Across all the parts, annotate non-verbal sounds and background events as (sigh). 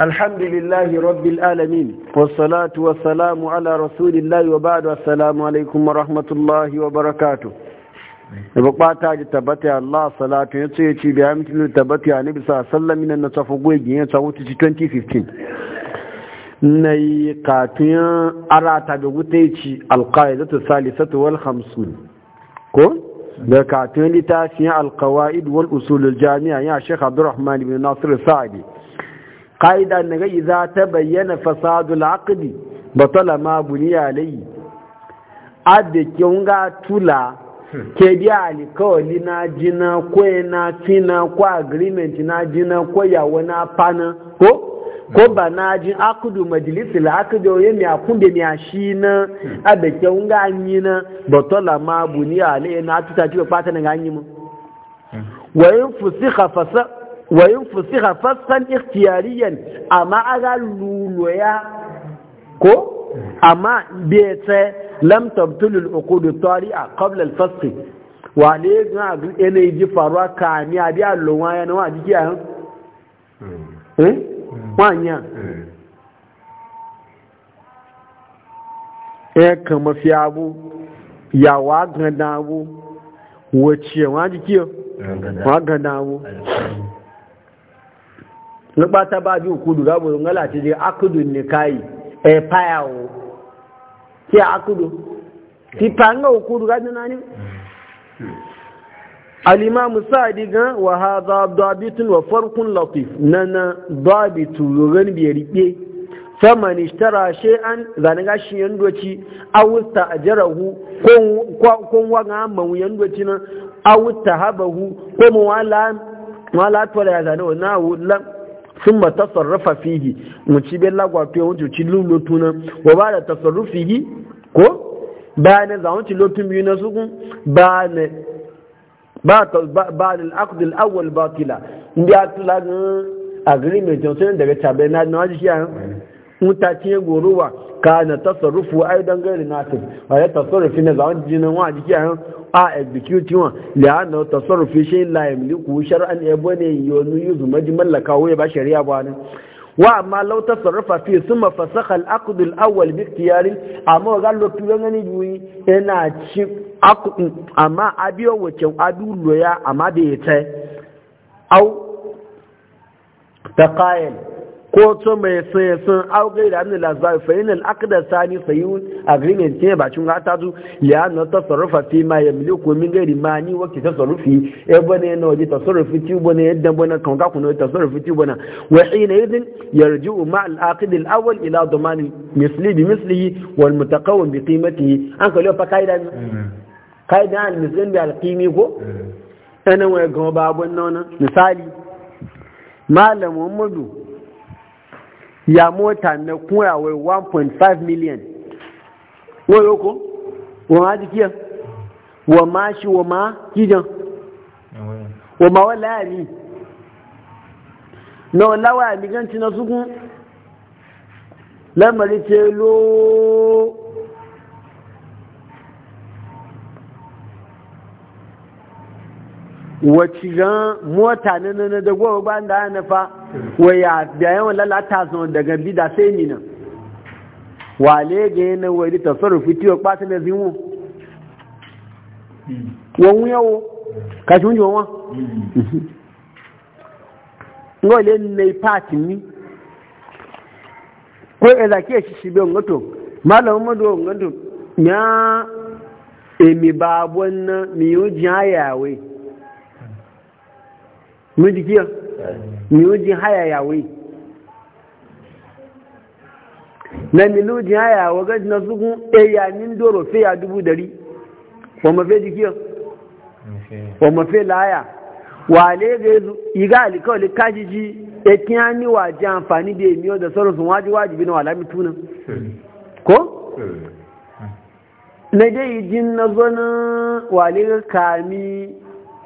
الحمد لله رب العالمين والصلاة والسلام على رسول الله وبعد السلام عليكم ورحمة الله وبركاته bukata ji tabbata ya Allah salatu ya ce ce biya mutum da tabbata ya nabi sa sallami na tafi gwegin ya tsawo ci 2015 na yi katiyan arata da wuta ya ci sali sata wal hamsun ko da katiyan littafin alkawai wal usulul jami'a ya shekha abdurrahman ibn nasir sa'adi ƙa'ida na اذا za ta bayyana بطل ما بني عليه buniya alayhi adda kin ga tula ke biya alikawali na jina ko na fina ko agreement na jina ko yawo na pana ko ko ba na jin akudu majalisil akudu ya mi akunde mi ashi na adda kin ga ma na tuta ga wa wa yin fusiha fassan ikhtiyariyan amma aga luluya ko amma bai ta lam tabtulul uqud tari'a qabla al fasl wa le ga abu ene ji faruwa ka ni abi allon wa yana hmm. eh? wa jiki a hmm. eh wanya e kama fi abu ya wa ganda abu wace wa jiki wa ganda abu nukpata ba bi okudu ga bụrụ ngala chiji akudu nikayi e paya o ti akudu ti panga okudu ga hukudu ni al-imam sa'di ga wa hadha dabitun wa farqun latif nana dabitu yogan bi ribe faman ishtara shay'an zanaga shi yandoci awusta ajarahu ko ko wa ga man yandoci na awusta habahu ko mu wala wala tola ya ثم تصرف فيه مجيب لغواتو وجوتي لولوتونا وبعد تصرفه كو بان زاونتي لوتون بينا سوكون بان بعد العقد الاول باطلا ndi atula agreement on sen daga tabe na na ji ya mutaci goruwa kana tasarrufu aidan a natin wa tasarrufi na zawon jinan wa jiki a a execute wa la'anna tasarrufi shay la yamliku shar'an bane yonu yuzu maji mallaka wa ba shari'a ba ne wa amma law tasarrafa fi thumma fasakha al-aqd al-awwal bi ikhtiyari amma ga lo tuwa ngani duyi ina chi aqd amma abiyo wace adu loya amma da yace au taqayil ko to mai sai sun auge da annin lazari fa yin sani sayun agreement ne ba cin gata zu ya na tasarrufa fi ma ya ko min gari ma ni wakti tasarrufi e bane na waje tasarrufi ti bane yadda e bane kan ka kuno tasarrufi ti bane wa hina idin yarji'u ma al'aqid al-awwal ila daman misli bi mislihi wal mutaqawwim bi qimatihi an kallo fa kaida mm. kaida al-misli bi al-qimi ko ana mm. wa ga babun nan misali malam muhammadu ya mota na kura wai 1.5 million wai yoko wa ma jikiya wa ma shi wa ma kijan wa ma wala yami na wala na sukun lamari ce loo wacce mota na na da gowa ba da na fa waya bayan wala lata sun daga bida sai ni wale ga yana wani tasarrufi tiyo kwasa na zinwo wọn hmm. yawo kashi mun ji wọn hmm. ngole ne pati ni ko eza ke shi shi be ngoto malam madu ngoto nya emi babon mi yuji ayawe miji kiyo miji haya yawe na miloji haya wa gaji na suku eya nin doro fe ya dubu dari e wa mafe jikiya, wa mafe laya wa le ga yazo iga alikawali kajiji ekiya ni wa ji amfani da emiyo da sauransu waji wajibi hmm. hmm. na walami tunan ko na dai jin na zonin wale kami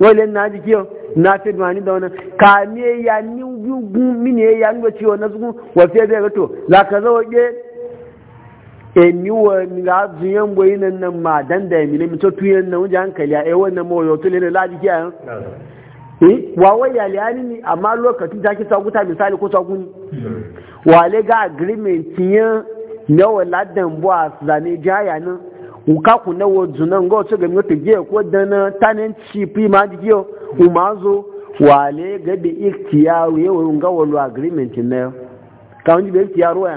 wale na ji kiyo na fi mani da wani ka me ya ni gun mini e ya ni ciwo na zugun wa fi da gato la ka zo ge e ni wa ni ga zuyan boyi nan nan ma dan da mi ne mito tuyen nan wajen hankali a yawan e nan mawayo to le la ji kiyan wa waya liyani ni amma lokacin ta ki saguta misali ko saguni hmm. wale ga agreement yan yawa ladan bo a zane jaya nan nka ku na wo zunan ga wasu ga mota giya ko dana tanin cipi ma di giyo umazo wale ga bi iktiyaru yawo nga wolo agreement na yo ka onji be iktiyaru ya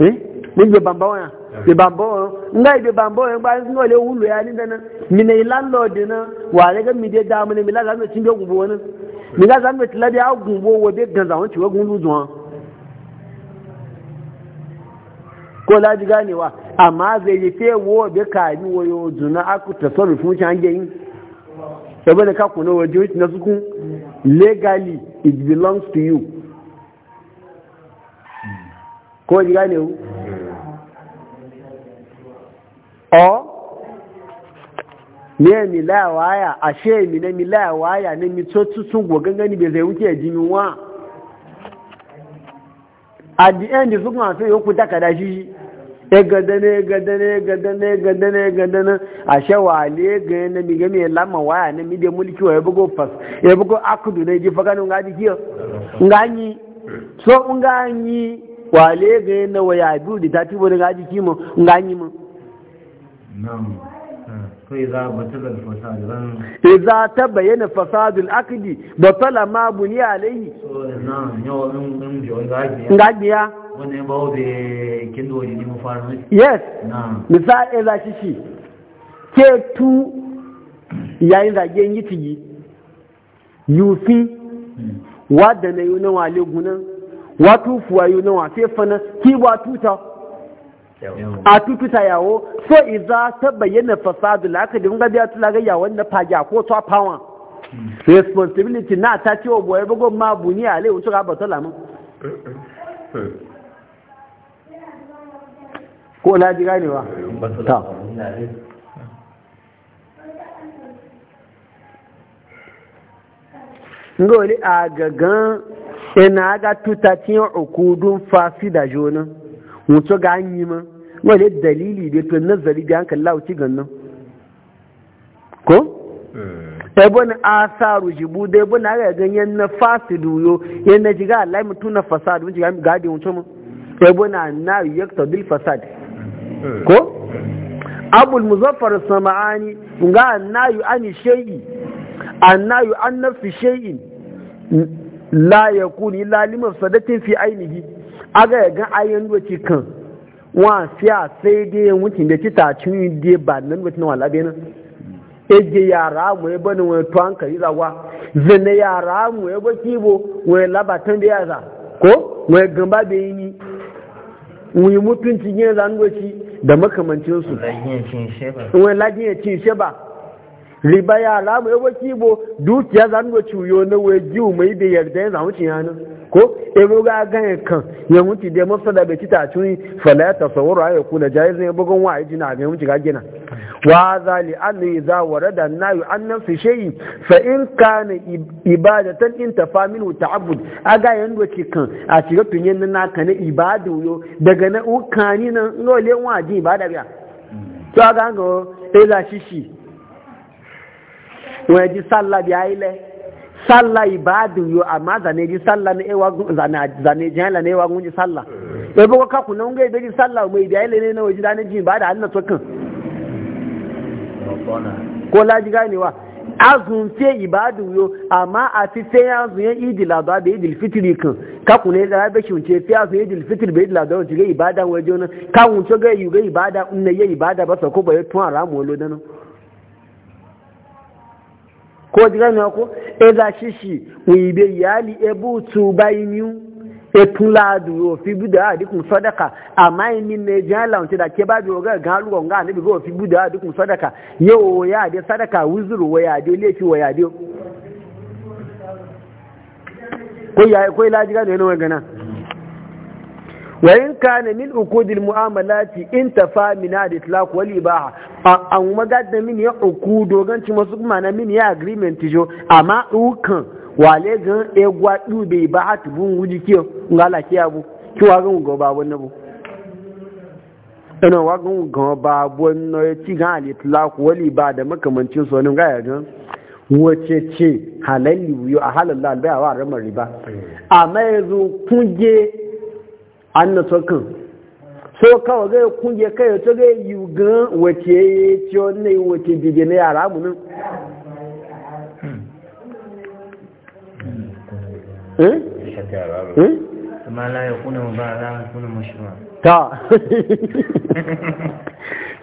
eh ni be bamba ya be bamba nga be bamba ya ba ngo le wulu ya ni dana mi ne landlord na wale ga mi de da mu ne mi la ga mi cin be gubo wani mi ga zan be tilabi a gubo wo be ganza won ci wa gun lu zuwa ko laji ganewa amma zai yi fe wo bi ka yi wayo zuna aku ta sauri fun shi hange yin saboda ka kuna waje wuce na sukun legally it belongs to you ko ji gane wu o ne mi la waya ashe mi ne mi la waya ne mi to tutun go gangani zai wuce ji wa at the end sukun afi yoku takada shi E gadane gadane gadane gadane gadane a wale ga na mi game ma waya na mi da mulki wa bugo fas ya bugo akudu ne ji faganu ga di kiyo nganyi so nganyi wale ga na waya du di ta tibo ga di kimo nganyi mu nam ko idza batala fasad ran idza e tabayyana fasad aqdi batala ma buniya alayhi so na'am yawa ngan biya wani bawo da kendo wajen nemo farin yes misali za shi shi ke tu yayin zagen yi tigi yufi hmm. wadda na yi nawa legunan gunan watu fuwa yi nawa sai fana ki ba tuta a tututa yawo so iza ta bayyana fasadu la'akadin gabiya tulagayya na fagya ko ta fawon hmm. responsibility na ta ce wa boye bugun ma buni a lai wuce ga batala ko na ji ganewa ta ngoli a gagan ina e ga tutacin ukudun fasida jonin mutu ga anyi ma ngoli dalili da to nazari da hankali lauci gannan ko ebon rujibu, jibu da ebon aga ganyen na fasidu yo na jiga alai mutu na fasadu jiga gadi mutu ma a na yakta bil fasadi Eh. ko abul muzaffar sama'ani ga annayu an shay'i annayu an nafi shay'in la yakun illa limafsadatin fi ainihi aga ga ayan wuce kan wa fiya sai dai wucin da ci tacin dai ba nan wucin wala bai nan eje yara mu e bani wani tuwan kari zawa zane yara mu e ba kibo wani labatan da yaza ko wani gamba bai yi ni wani mutunci yin zangoci da makamancinsu wani lajin ya ci ba riba ya alamu ya waki bo dukiya za mu ciyo na waje mai da yarda ya zamu ciya nan ko e mu ga ganin kan ya mutu da mafsada bai kita tuni fala ya tasawwuru ay kuna jaiz ne bugun wa ajina ga mutu ga gina wa zali an idza warada nayu an nafsi shay fa in kana ibadatan in tafa minhu ta'abbud aga yan doki kan a ciga tunyen nan naka na ibadu yo daga na ukani nan ngole waje ibada biya to hmm. aga ngo ila shishi wọ́n jí sálà bí ayílẹ̀ sálà ìbáàdùn yóò àmá zànẹ́jì sálà ní ewagun zànẹ́jì hàn lẹ́nà ewagun jí sálà ebe kọ́ kakùn náà ń gé ìbéjì sálà ọmọ ìbí ayílẹ̀ nínú òjì dánẹ́jì ìbáàdà àdínà tó kàn kó lájí gáà níwá azùn tí ìbáàdùn yóò àmá àti tí azùn yẹn ìdì làdọ́ àbẹ̀ ìdì fitiri kan kakùn ní ìdára bẹ́ẹ̀ ṣùn tí fi azùn ìdì fitiri bẹ́ẹ̀ làdọ́ ọ̀tí gé ìbáàdà wọ́n ẹjọ́ náà káwọn tó gé ìbáàdà kó bọ̀ yẹ tún àrà mọ́ náà ko jiga ne ko e da shishi wi be yali e butu bayinu e tuladu o fi buda adikun sadaka amma ni ne jala on da ke ba bi oga ga lu nga ne bi go fi buda adikun sadaka ye o ya de sadaka wuzuru wa ya de lefi wa ya de ko ya ko ila jiga ne no gana Wa wayin kana min ukudil mu'amalati in tafa min al itlaq wal ibaha an magadda min ya uku dogan ci masu kuma na min ya agreement jo amma ukan wale gan e gwadu be ibaha tubun wuji kiyo ngala kiyabu kiwa gan go ba wannan bu ina wa gan go ba wannan ya ci gan al itlaq wal ibaha da makamancin so nan ga ya gan wace ce halalli wuyo a halalla albai ramar riba mm. amma yanzu kun je an na tsokan so kawo ga kunje kai to yi gan wace ciyo ne wace bige na yara mu nan hmm. Eh? Hmm?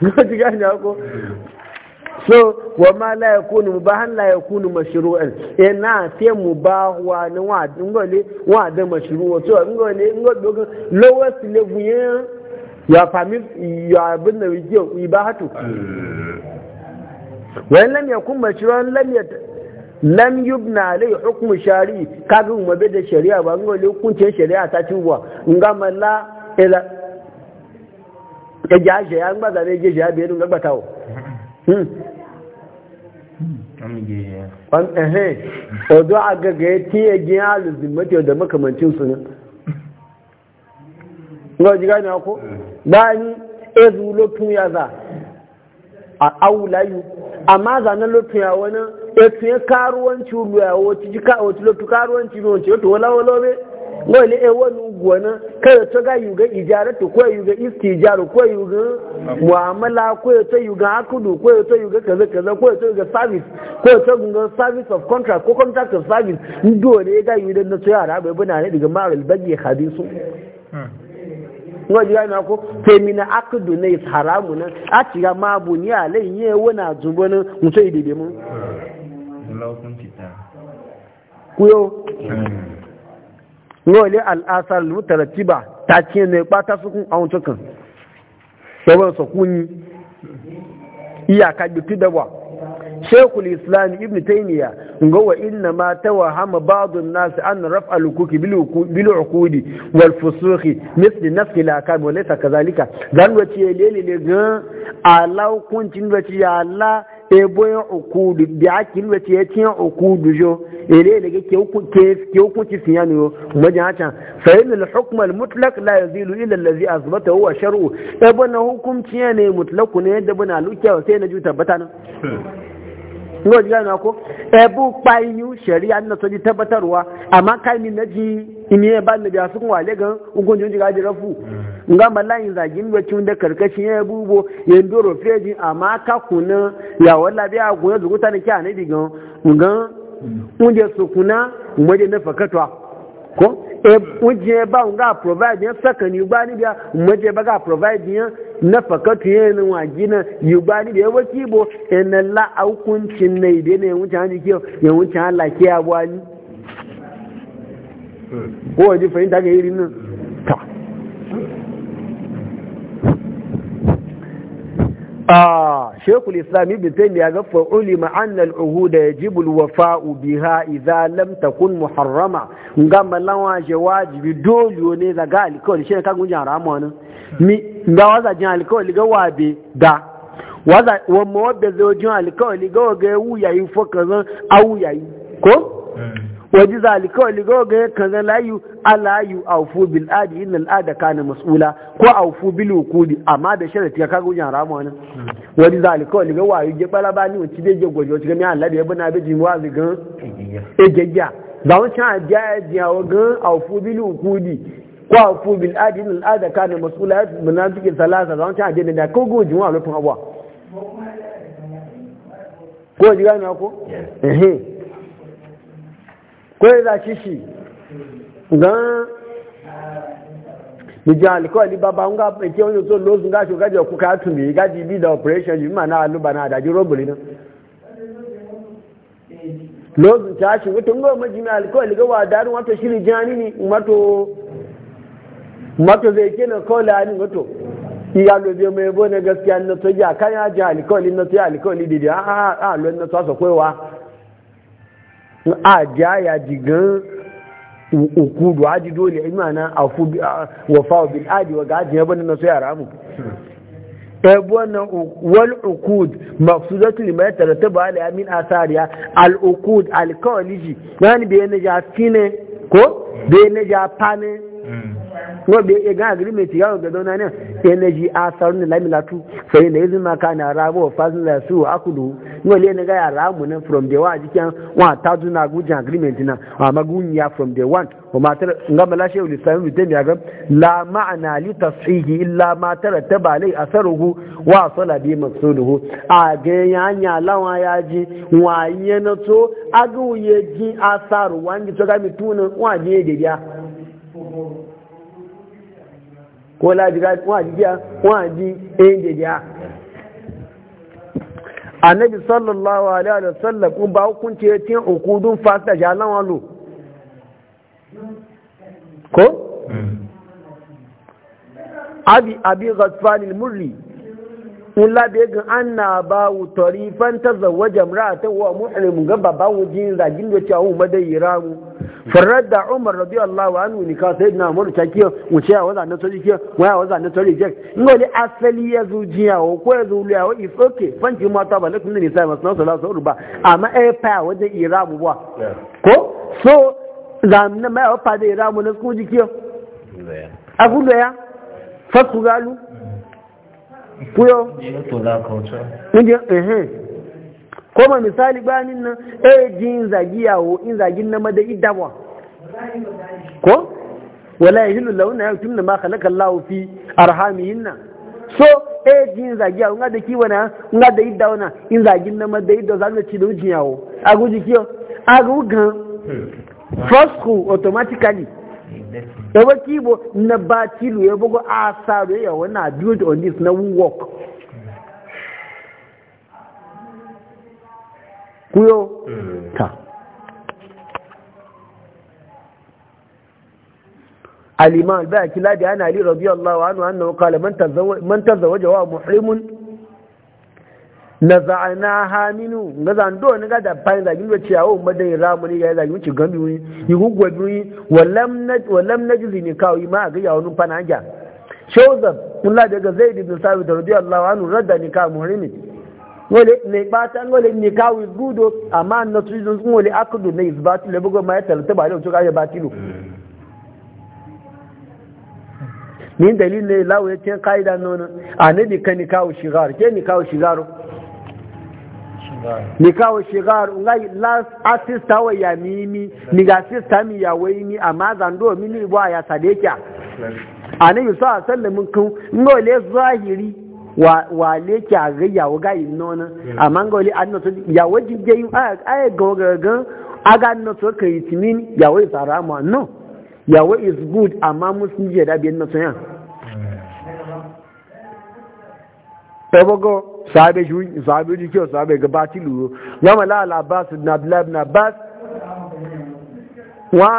Hmm? (laughs) so wa ma la yakunu mubahan la yakunu mashru'an e na te mubah wa ni wa ngole wa da mashru'o so ngole ngole lowest level ya ya famil ya abin da yake ibahatu wa lam yakun mashru'an lam ya lam yubna alai hukmu shari'i kaga mu bai da shari'a ba ngole hukuncin shari'a ta ci wa ngamala ila ya jaje ya ngba da ne je ja bi ngba tawo Hmm. odo a gaga ya tiye gina da makamancin su ezu lotu ya za a aulayu amma na lotun ya wani etu ya karuwanci ruwa wacce ji karuwanci wani ewa nuguwa na kada to ga yuga ijara to ko yuga istijaru ko yuga muamala ko to yuga akudu ko to yuga kaza kaza ko to yuga service ko to yuga service of contract ko contract of service ndo ne ga yuga na to yara bai bana ne daga marul bagi e hadisu hmm. ngoji ga na ko temina akudu ne haramu na a ciga mabu ni ale alai yewa na zubo na mutai dide mu hmm. kuyo hmm. wọ́n al'asar mutarattiba ta ce ne ɓata sukun a wancan yawan sukun yi iyaka bitu da ba shekul islam ibn taimiyya ga wa inna ma ta badu ba'dun nasu an raf al-hukuki bil uqudi wal misli nafsi la kam wa laysa kadhalika dan wace lele ne ga ya Allah eboyin okudu bi aki nwe ti yati okudu jo ele ele ke ke ke hukunci sun mo ja hacan fa yin al hukm al mutlaq la yazilu illa allazi azbata huwa shar'u ebona hukunci ne mutlaq ne da bana lukiya sai na ju tabbata nan hmm. ngo ji gane ko ebu payu shari'a na to ji tabbatarwa amma kai min naji imi e ba na biya su wale gan ungun mm. ji gaji rafu nga malayin zagin ba cin da karkashin ya bubo ya ndoro fejin amma ka kuna ya walla biya kuna e zuguta ne kya ne gan. ngan mm. unje su kuna umma na fakatwa ko wuje ba nga provide yan sakani ubani biya muje ba ga provide yan na fakatu yan wa gina ubani biya waki bo en la aukuncin ne ide ne wuce na kiyo ya wuce ko fahimta ga nan shekul islam ibn taymiya ga fa ulima anna al uhuda yajibu al wafa'u biha idza lam takun muharrama ngam lawa je wajibi dole ne ga alkawli shi ka gunjan ramon mi ga waza jin alkawli ga wabe da waza wa mawabbe zo jin alkawli ga ga wu yayi fo kazan hmm. ya yi, ko waji zalika ligoga kaza layu alayu aufu bil adi innal ada kana mas'ula ko aufu bil wukudi amma da sharati ka ga gunjan ramon wani zalika wani gawa yi gbara ba ni wanci bai gwaje wacce gami Allah da ya bana bai jin wazi gan egegiya Ba mu ci ajiya ya jiya wa gan aufu bil hukudi ko aufu bil adin al'ada kana mas'uliyat munafiqin salasa za mu ci ajiya da ko goji wa lutun abuwa ko ji gani ko eh ko ya za shi gan nìjọ alikọ́ọ̀lì bàbá ń gá pẹ̀kí oyin tó lóòsùn gáṣù gájọ kú ká tún nìyí gájì bí da operation yìí mà náà ló bà náà àdájú rọ́bìrì náà lóòsùn tí a ṣe ń gbọ́ méjì ní alikọ́ọ̀lì gá wà dárí wọ́n tó jẹ́ na kọ́ọ̀lì á ní mọ́tò ìyá ló ukudu aji dole imana afu wafa bil adi wa gaji ya bani nasu yara mu e, wannan wal ukud maqsudatu lima yatarattabu ala min asariya al ukud al kawliji yani bayan ja fine ko bayan ja pane wọ́n be e ga agreement ya ga dona ne energy asarun lamilatu sai ne yanzu maka na arabu fazin la su akudu no le ne ga ya ramu ne from the wa jikin wa ta na gujan agreement na amma gunya from the one wa matar ngamba la shehu lisan bi tabiya ga la ma'ana li tashihi La ma tarattaba alai asaruhu wa sala bi maqsuduhu a ga yanya lawa ya ji wa yana to agu ye ji asaru wangi to ga mituna wa je da ko lajiga wọ́n àjíjá wọ́n àjí ẹ̀yẹ́dẹ̀dẹ̀ a annabi sallallahu alaihi wa kun ba hukunci ya tiyan ukudun fasta jalan walo ko abi abi ghasfan al-murri un labe ga anna ba wu tarifan tazawwaja imra'atan wa muhrim ga babawu jin rajin da cewa madayira mu farar da umar rabi Allah wa anu nika sai na umaru ta kiyo wuce ya waza na tori kiyo waya waza na tori jek ngoli asali ya zujiya wa ko ya zuliya wa it's okay fanci mata ba lakum ne sai masu nasu lasu urba amma eh pa wajen irabu ba ko so zamna mai wa fada irabu na su jikiyo a gudu ya fasu galu kuyo Indian culture. Indian, eh, eh. Koma misali bayanin nan eh jin zagi yawo in zagin na madai dawa ko wala hilu launa da ma khalaqa Allah fi nan so eh jin zagi yawo da kiwa na nga da idawa na in zagin na madai da zanga ci da ujin yawo aguji kiyo agugan fosku automatically ewe kibo na batilu ya bugu asaru ya wana build on this na work kuyo mm. ta al-imam al-baqi ladi ana ali radiyallahu anhu annahu qala man tazawwa man tazawwaja wa muhrimun naza'naha minu ngazan do ni ga da fayin da gilbe ciyawo madan ramuni ga da ci gambi wi yugo gobi walam na walam najzi ni kawi ma ga yawo nun fana ja shawza kullu daga zaid ibn sabit radiyallahu anhu radda ni ka muhrimin wale mai bata wale ne kawo gudo amma na tuzun ngole wale akudu na izbatu da bugon ma ya talata ba da ya kaje batilu hmm. min dalil ne lawo ya ce kaida nono annabi ka ni kawo shigar ke ni kawo shigar ni kawo shigar ngai last artist tawa ya mimi ni ga sister mi ya wai ni amma zando mi ni bo ya sadeka annabi sallallahu alaihi wasallam kun ngole zahiri wa leke e a ga yawo ga yin nona amma ga wali an nato yawo jige yin aya ga ga aga nato ka yi timin yawo is arama no yawo is good amma musun je da biyan nato ya ebogo sabe ju sabe ju ke sabe ga batilu yama la la bas ibn abdullah ibn abbas wa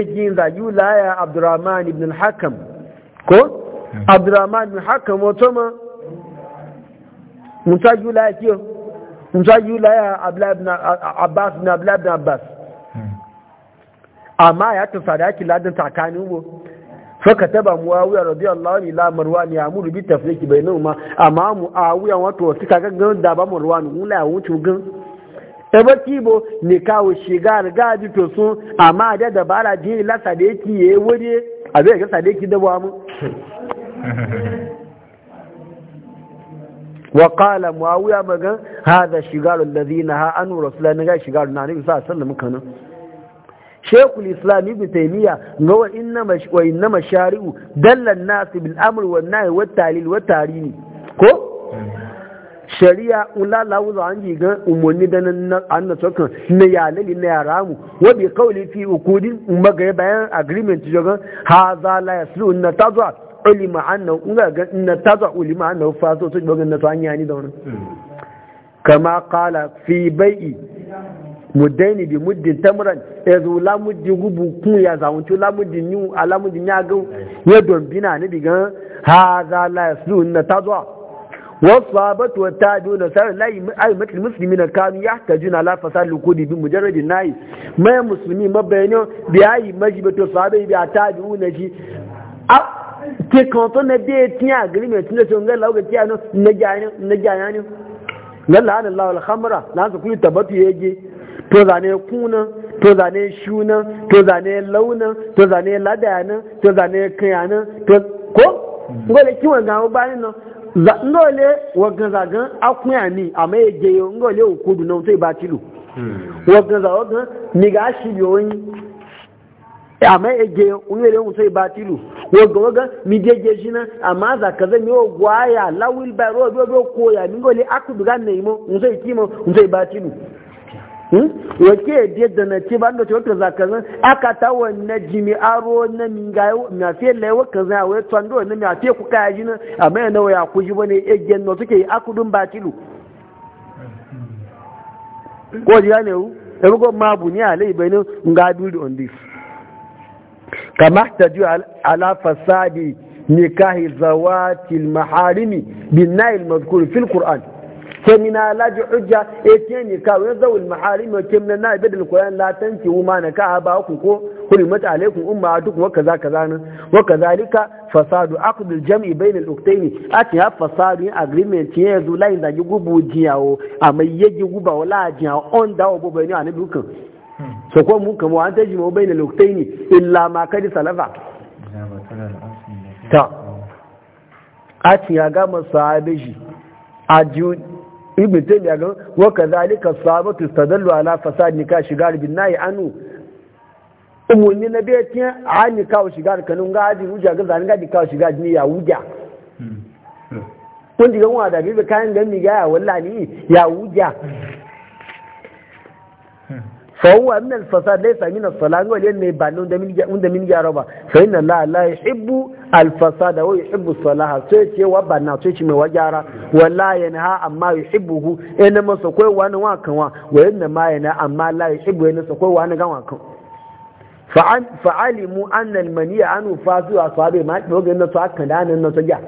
ejin da yula ya abdurrahman ibn al-hakam ko hmm. abdurrahman ibn al-hakam wato ma musájú láyà kí ya musájú láyà abbas na abdullahi abbas amma ya tafa da ake ladin takani wo faka taba muawiya radiyallahu anhu ila marwan ya amuru bi tafriki bainahuma amma muawiya wato ka ga da ba marwan mun ya wuce gan ebe kibo ne kawo shiga riga ji to sun amma da dabara ji la yake yi wuri a zai ga sadeki da ba mu وقال معاوية مغا هذا شغال الذين ها عنه رسول الله نغا شغال نهى النبي صلى الله عليه وسلم كان شيخ الإسلام ابن تيمية هو إنما وإنما الشارع دل الناس بالأمر والنهي والتعليل والتعريم كو shari'a ula lawuza an yi ga umarni da an na tsokan na yalali na yara mu wabi kawai fi ukudin magaya bayan agreement jogan ha za la yaslu na tazwa ulima annahu unga ga na taza ulima annahu fa so to ga na to ni da wannan kama qala fi bai'i mudaini bi muddin tamran ezu la muddi gubu ku ya zawun to la muddi ni ala muddi nya ga ya don bina ni bi ha za la yaslu na taza والصابت والتاجون سار لا أئمة المسلمين كانوا يحتاجون على فساد الوقود بمجرد الناي ما المسلمين ما بينهم بأي مجبة الصحابة بأتاجون شيء ke kanto na biya tiya agreement tun da sun gala ga tiya no na jani na jani ne galla an Allah al khamra na su kuyi tabatu yage to zane kuna to zane shuna to zane launa to zane ladana to zane kayana to ko ngole kiwon ga ba ni no ngole wagan zagan akun ani ama yaje yo ngole okudu no to ibatilu hmm. wagan zagan ni ga shi yoyin Eh, amma ege unyere un ba batilu woga woga mi deje jina amma za ka zan yo gwaya lawil ba ro do do koya mi gole akudu gan nei mo kimo un batilu hmm wake de da na ci bando to to zaka zan aka ta wannan jimi aro na mi ga na fe le wa ka za wa to ndo na mi afi ku kaya jina amma yana waya ku ji bane ege no take akudun batilu ko ji ne wu ebe mabu ni ale ibe ni on this kama ta ji ala fasadi nikahi zawati maharimi bin nail mazkur fil qur'an kemina laji hujja e ke ni ka wani zawul maharimi kemina na ibadul qur'an la tanki ma na ka ba ku ko hurimat alaikum umma duk wa kaza kaza nan wa kazalika fasadu aqdul jam'i bayna al uktaini ati ya fasadu agreement ya zo layin da gubu jiyawo amma ye guba wala jiyawo on da obo a anabi kan sakon mu kama wa ta bai na lokutai ne illa ma kadi salafa ta a ci ya ga sahabe shi a jiyo ibn taimi ya ga waka zalika sabatu tadallu ala fasad nikah shigar bin nayi anu umun na bai tin a hannu kawo shigar kanun gaji wuja ga zanen gaji kawo shigar ni ya wuja kun hmm. diga wa da bai kayan gan mi ga ya wallahi ya wuja فهو من الفساد ليس من الصلاة ولين يبان عند من جاربا فإن الله لا يحب الفساد هو يحب الصلاة سيتي وبنا سيتي من ولا ينهى أما يحبه إنما سكوي وانا واكوا وإنما ينهى أما لا يحبه إنما سكوي وانا واكوا فعلموا أن المني عنه فاسد أصحابه ما يقول إنه سأكدان إنه سجاه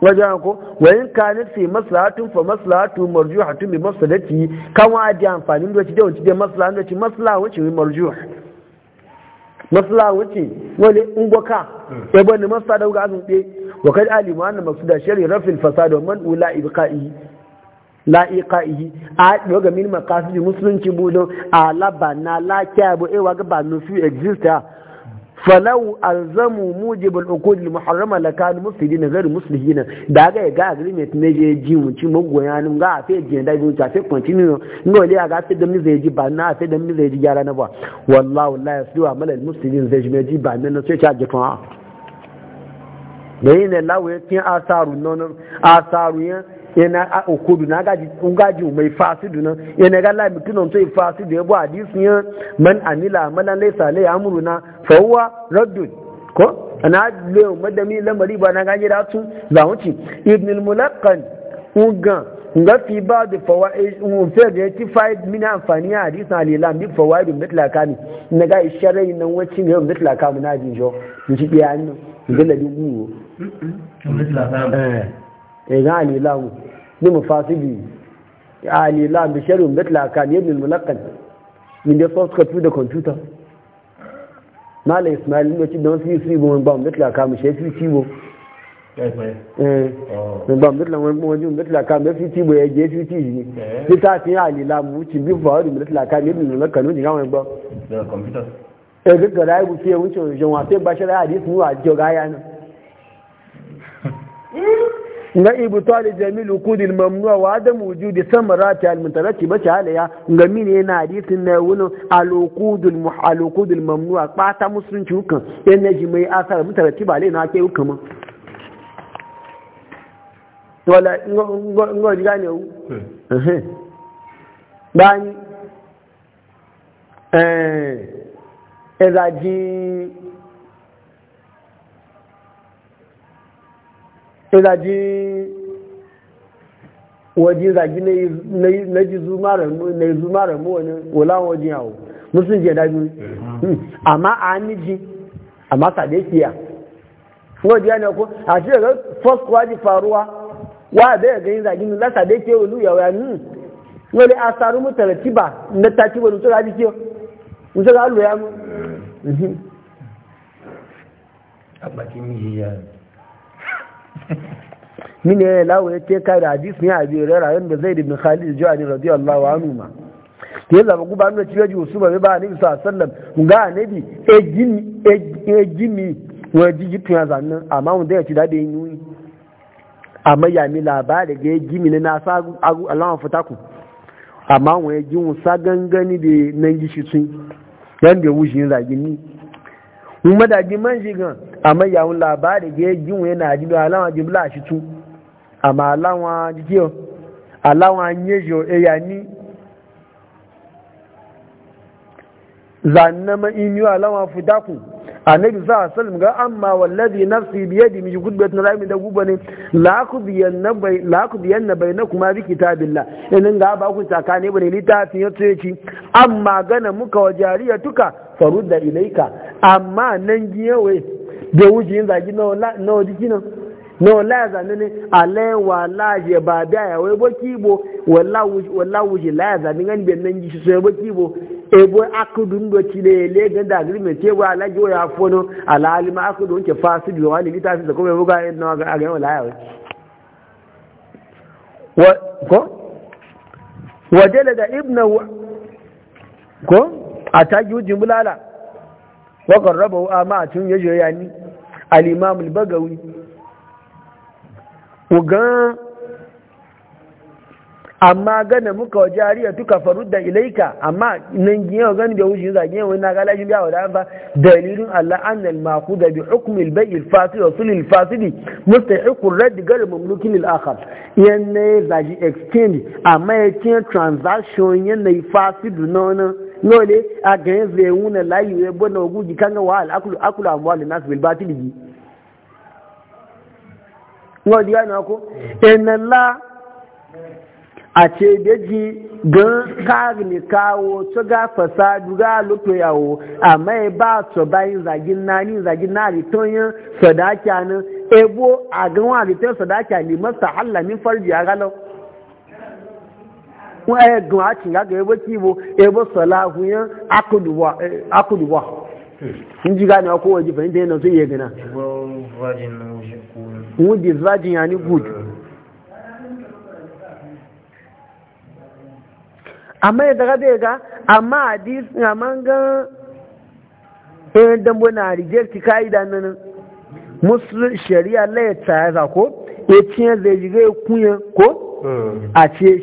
wajen ko wayin kanin fi maslahatun fa maslahatu marjuhatu bi maslahati kan wa ji amfani da shi da wanci da maslaha da shi maslaha wuce wi marjuh maslaha wuce wani ungoka hmm. ya bani maslaha da ga azun be wa kad alimu anna maqsuda shari rafil fasad wa man ula ibqa'i la a daga min maqasid musulunci budon a labana la kyabu e wa ga ba nufi exister falau alzamu mujibul uqud muharrama lakan mufsidin gar muslimin da ga ga agreement ne je ji mu ci magoya nun ga afi je da mu ta fi continue ngo le ga afi da mi zai ji ba na afi da mi zai ji yara na ba wallahi la yasdu amal al muslimin zai ji ji ba na sai ta jikan da yin lawo ya tin asaru non asaru yan yana a okudu na gaji gaji mai fasidu nan yana ga lai mutunan to fasidu ya bu hadisin ya man amila amalan laysa lai amruna na huwa raddun ko ana le madami lamari ba na gaji da su za mu ci ibn al-mulaqqan ugan nga fi ba da fawaid mu fi da yati faid min amfani a hadisin alilam bi fawaid mitla kami na ga isharai nan wacin ne mitla kami na jinjo mu ci biya nan galabi guro eh eh ga alilamu ni mufasidi ali la bi sharri mitla kan ibn al-mulaqqan min da ka copy da computer mala ismail ne ci don su fi bon ba mitla kan mu shefi cibo eh oh. ba mitla won mo ji mitla kan da fi cibo ya je fi ci ni ni eh. ta fi ali la mu ci bi fa kan ibn al-mulaqqan ni ga won ba da computer e ga ga rai bu fi wuce wa sai bashara hadith mu a (laughs) nga ibtal jamil Jamilu al mamnu'a wa adam wujud samarat al mutarattiba halaya nga mini yana hadisin na wuni al uqud al muhal uqud al musulunci hukan yana ji mai asar ba lai na ke ma wala ngo ngo gane u hmm. bani eh ezaji ilaji waje zagi na yi zuma mu wani wula wajen yawo musulun je dabi mm-hmm. amma a niji amma sade kiya waje yana ko a shi daga first kwaji faruwa wa bai ga yin zagi na sade ke wulu yawo ya nun wani a saru mu taratiba na taki wani mutu rabi kiyo mutu rabi ya mu a bakin yi ya min ya lawo ya ce kai da hadisi ne a biyu rera yadda zai da bin khalid jihari radiyallahu anhu ma ya zaba guba nuna ciwe ji wasu ba ba anabi sa sallam ga anabi e gimi wani jiji tun ya zannan amma wanda ya ci daɗe yin yi amma ya mi labari ga ya gimi na nasa alama fitaku amma wani ya gini sa gangani da nan gishi sun yan da wuce yin zagini. Mun madaji man shi gan amma yawon labari ga yajin yana jibi alawa a shi tu amma alawa jikiyo alawa yejo eya ni zanna ma fudakun a nabi za a salim ga amma wallazi nafsi biye yadi miji gudu tun rami da gubo ne la ku bai na kuma biyanna bainakuma bi kitabillah idan ga ba ku ne bane ya yato ci. amma gana muka wa faru da ilaika amma nan giyawai da wuce yin zagi na waje kinan na wala zane ne alai wala je ba biya ya wai bo kibo wala wuce la zane ngani ben bo kibo e bo akudun da agreement ce wa alaji wa afono akudu alima akudun ke fasid bi wani kuma buga yadda e ga ga wala wa ko wajala da ibnu ko ataji jumlala wakon raba wa ma a tun ya joya ni alimamul bagawi ugan amma gana muka wa jariya tuka farudda ilaika amma nan giyan gani da wuce zage wani na galashi biya wa da'an ba dalilin Allah an al da bi hukm al bay' al fasid wa sul al fasid mustahiq al radd ghayr mamluk lil akhar yanne zaji exchange amma yace transaction yanne fasid nona nole a ga yin zai wuna layi ya bane guji kan ga wahal akula amwali nasu bil batili bi ngo diga na ko en la a ce daji gan kari kawo to ga fasadu ga loto yawo amma e ba to bayin zagin nani zagin nari to yin sadaka nan ebo a gan wa to sadaka ne masa halla min farji ya galau wọn ayẹ dùn àti ìyá tí ìbò ẹbọ sọ̀lá ahùnyẹ́ akùdùwà ń jí ọkọ̀ wọ́n jìfẹ̀ nítorí náà tó yẹ gánà. wọ́n di virgin good. amma ya daga ga amma hadis na mangan ɗayan dambo na reject ka'ida shari'a ya ciye da ya ko a ce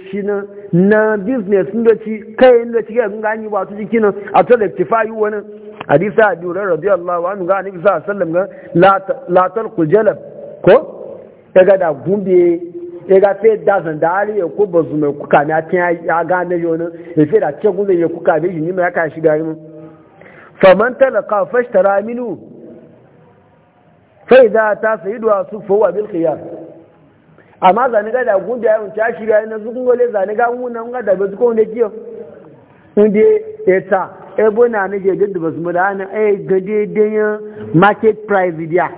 na business da ci kai da ci ga gani ba su jiki nan a to rectify wani hadisi a dura radiyallahu anhu ga annabi sallallahu alaihi wasallam ga la talqul jalab ko daga e da gumbe ya e ga fe da zan da ari ya e ko bazu me kuka na tin ya ga na ya fe da ce gumbe ya ka be ni ka shi shiga mu faman talaqa fashtara minu fa idha ta sayidu asufu wa bil qiyam amma zane ga da gudu ya wuce ya shirya yana zukun gole zane ga wuna nga da ba zukun da kiyo inda ya ta ebo na ne ga gudu ba su mu da ana ai e ga daidai market price diya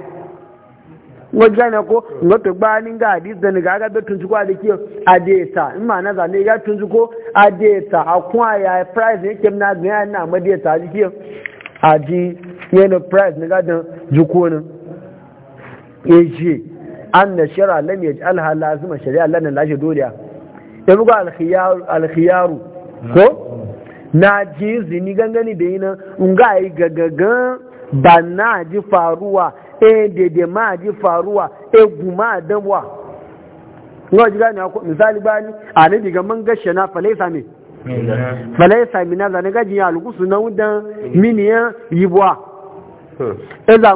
wajen na ko wato ga hadis da ga ga betun ko da kiyo adeta in ma na zane tun ya price ne kem na ga na madeta kiyo adi yana price ne ga anna shari'a lam yaj'alha lazima shari'a lana lashe doriya ya buga alkhiyaru ko na ji zini gangani da yi nan ga yi gagagan ba na ji faruwa e dede ma ji faruwa e guma dabuwa ga ji gani ko misali bani a ne diga man gashe na falaisa me falaisa mina za ne gaji ya na wudan miniyan yibuwa e za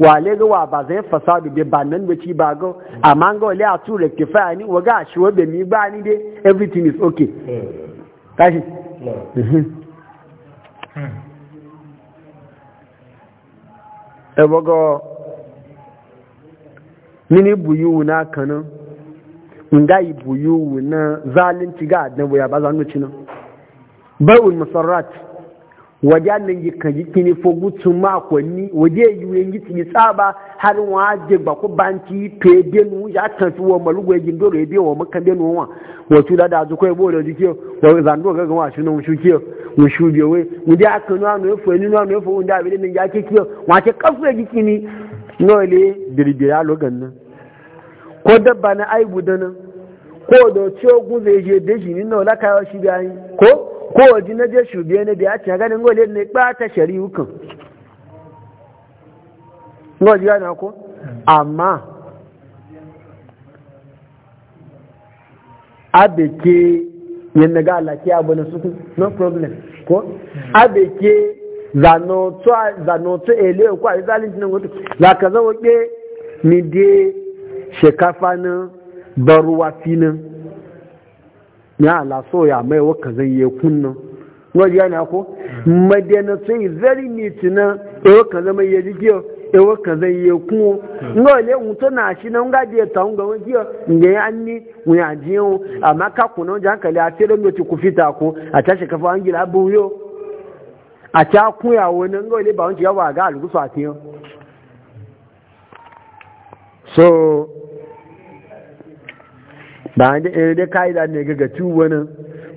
wale ga wa ba zai fasadu be ba nan ci ba ga amma ga wale a tu rectify ni wa ga shi wa be ba ni dai everything is okay hmm. kashi mhm. hmm. e bogo mini buyu na kanu nga yi buyu na zalunci ga adan boya ba zanu cinan bai'ul musarrat Wajen nan yi kan yi kini fogu tun makonni waje yi wen yi tini tsaba har wa je ba ku banki pe denu ya kan fi wa malugu yin doro ya biyo wa makan denu wa wato da da zuko ebo da jike wa zando ga wa shi nan shuke mu shube we mu da kan wa no fo ni no no fo unda bi nan ya ke kiyo wa ke kafu ya ni no le dirbiya logan nan ko dabba na aibu dana ko da ciwo zai je deji ni no la kayo shi bayan ko ko ji na je shubiye ne biya ce ganin gole ne bata shari'ukan kan gole gane ko amma abeke yin na ga alaki abu na suku no problem ko abeke zanotu ele ko a izalin jinan gotu za ka zawo ke ni de shekafa na baruwa finan ya ala soya mai waka zai yi kunnan wani yana ko madina sai zari niti na ewa eh, ka zama yi rigiyo ewa eh, ka zai yi kunwo nga ole wuto na shi na nga biya ta nga wani giyo nga ya anni wuya jiyo amma ka kuna wajen hankali a sai don ku fita ko a tashi kafa an gila abu yo a ta wani nga ba wani yawa ga alugusa a tiyo so ba da ɗaya da ka'ida ne ga gaci wani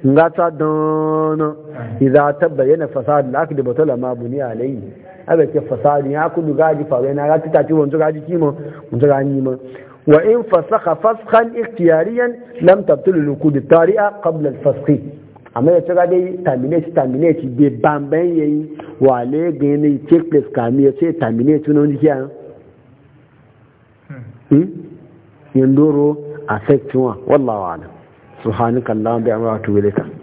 ngata don iza tabbayyana fasadi da aka dubata lama buni alayhi aka ke fasadi ya duga ji faru yana ga tuka ci wanzu gaji kima wanzu gani ma wa in fasakha faskan ikhtiyariyan lam tabtul da tari'a qabla al-fasqi amma ya tsaka dai terminate terminate be bamban yayi wale gane check place kami ya ce terminate tunan dikiya hmm. hmm? yin doro affect wa wallahu a'lam subhanakallahumma bihamdika wa atubu